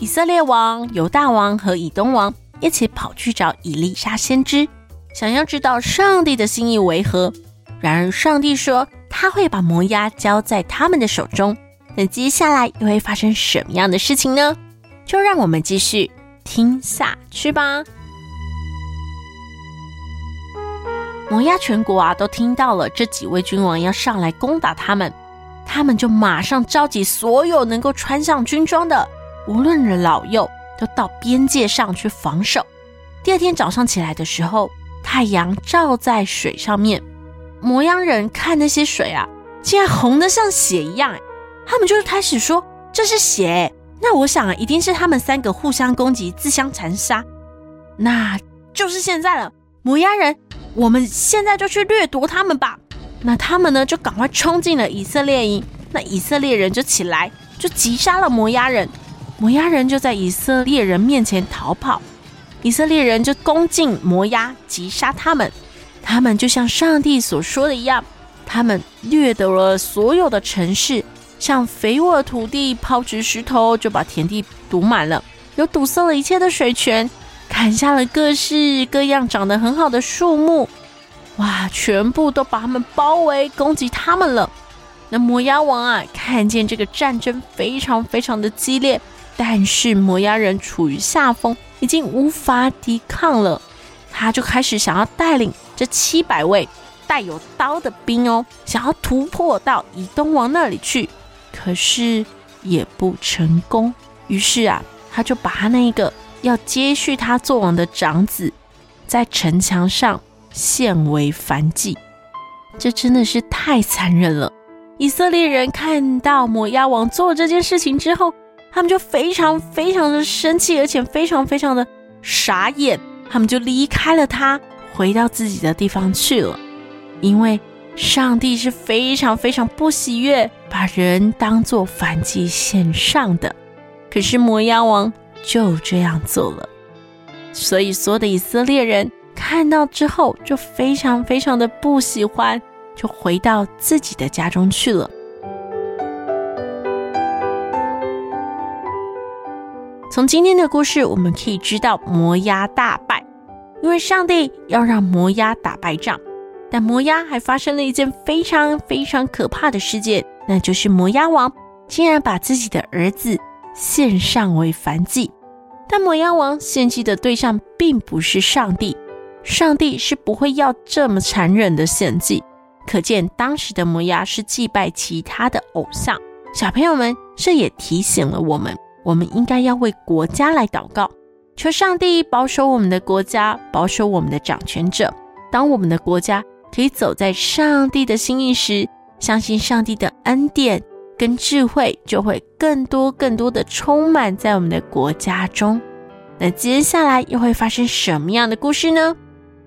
以色列王、猶大王和以東王一起跑去找以利沙先知，想要知道上帝的心意為何。然而上帝說他會把摩押交在他們的手中。那接下來又會發生什麼樣的事情呢？就讓我們繼續聽下去吧。摩押全國啊，都聽到了這幾位君王要上來攻打他們，他們就馬上召集所有能夠穿上軍裝的。無論是老幼，都到邊界上去防守。第二天早上起來的時候，太陽照在水上面，摩押人看那些水啊，竟然紅得像血一樣、欸。他們就開始說這是血、欸。那我想啊，一定是他們三個互相攻擊，自相殘殺。那就是現在了，摩押人，我們現在就去掠奪他們吧。那他們呢，就趕快衝進了以色列營。那以色列人就起來，就擊殺了摩押人。摩押人就在以色列人面前逃跑，以色列人就攻進摩押，擊殺他們。他們就像上帝所說的一樣，他們掠奪了所有的城市，像肥沃土地拋擲石頭，就把田地堵滿了，又堵塞了一切的水泉，砍下了各式各樣長得很好的樹木。哇！全部都把他們包圍，攻擊他們了。那摩押王啊，看見這個戰爭非常非常的激烈，但是摩押人處於下風，已經無法抵抗了。他就開始想要帶領這七百位帶有刀的兵哦，想要突破到以東王那裡去，可是也不成功。於是啊，他就把他那個要接續他做王的長子，在城牆上獻為燔祭。這真的是太殘忍了。以色列人看到摩押王做這件事情之後，他們就非常非常的生氣，而且非常非常的傻眼，他們就離開了他，回到自己的地方去了。因為上帝是非常非常不喜悅把人當作燔祭獻上的，可是摩押王就這樣做了，所以所有的以色列人看到之後就非常非常的不喜歡。就回到自己的家中去了。從今天的故事，我們可以知道摩押大敗，因為上帝要讓摩押打敗仗。但摩押還發生了一件非常非常可怕的事件，那就是摩押王竟然把自己的兒子獻上為燔祭。但摩押王獻祭的對象並不是上帝，上帝是不會要這麼殘忍的獻祭。可見當時的摩押是祭拜其他的偶像。小朋友們，這也提醒了我們，我們應該要為國家來禱告，求上帝保守我們的國家，保守我們的掌權者。當我們的國家可以走在上帝的心意時，相信上帝的恩典跟智慧就會更多更多的充滿在我們的國家中。那接下來又會發生什麼樣的故事呢？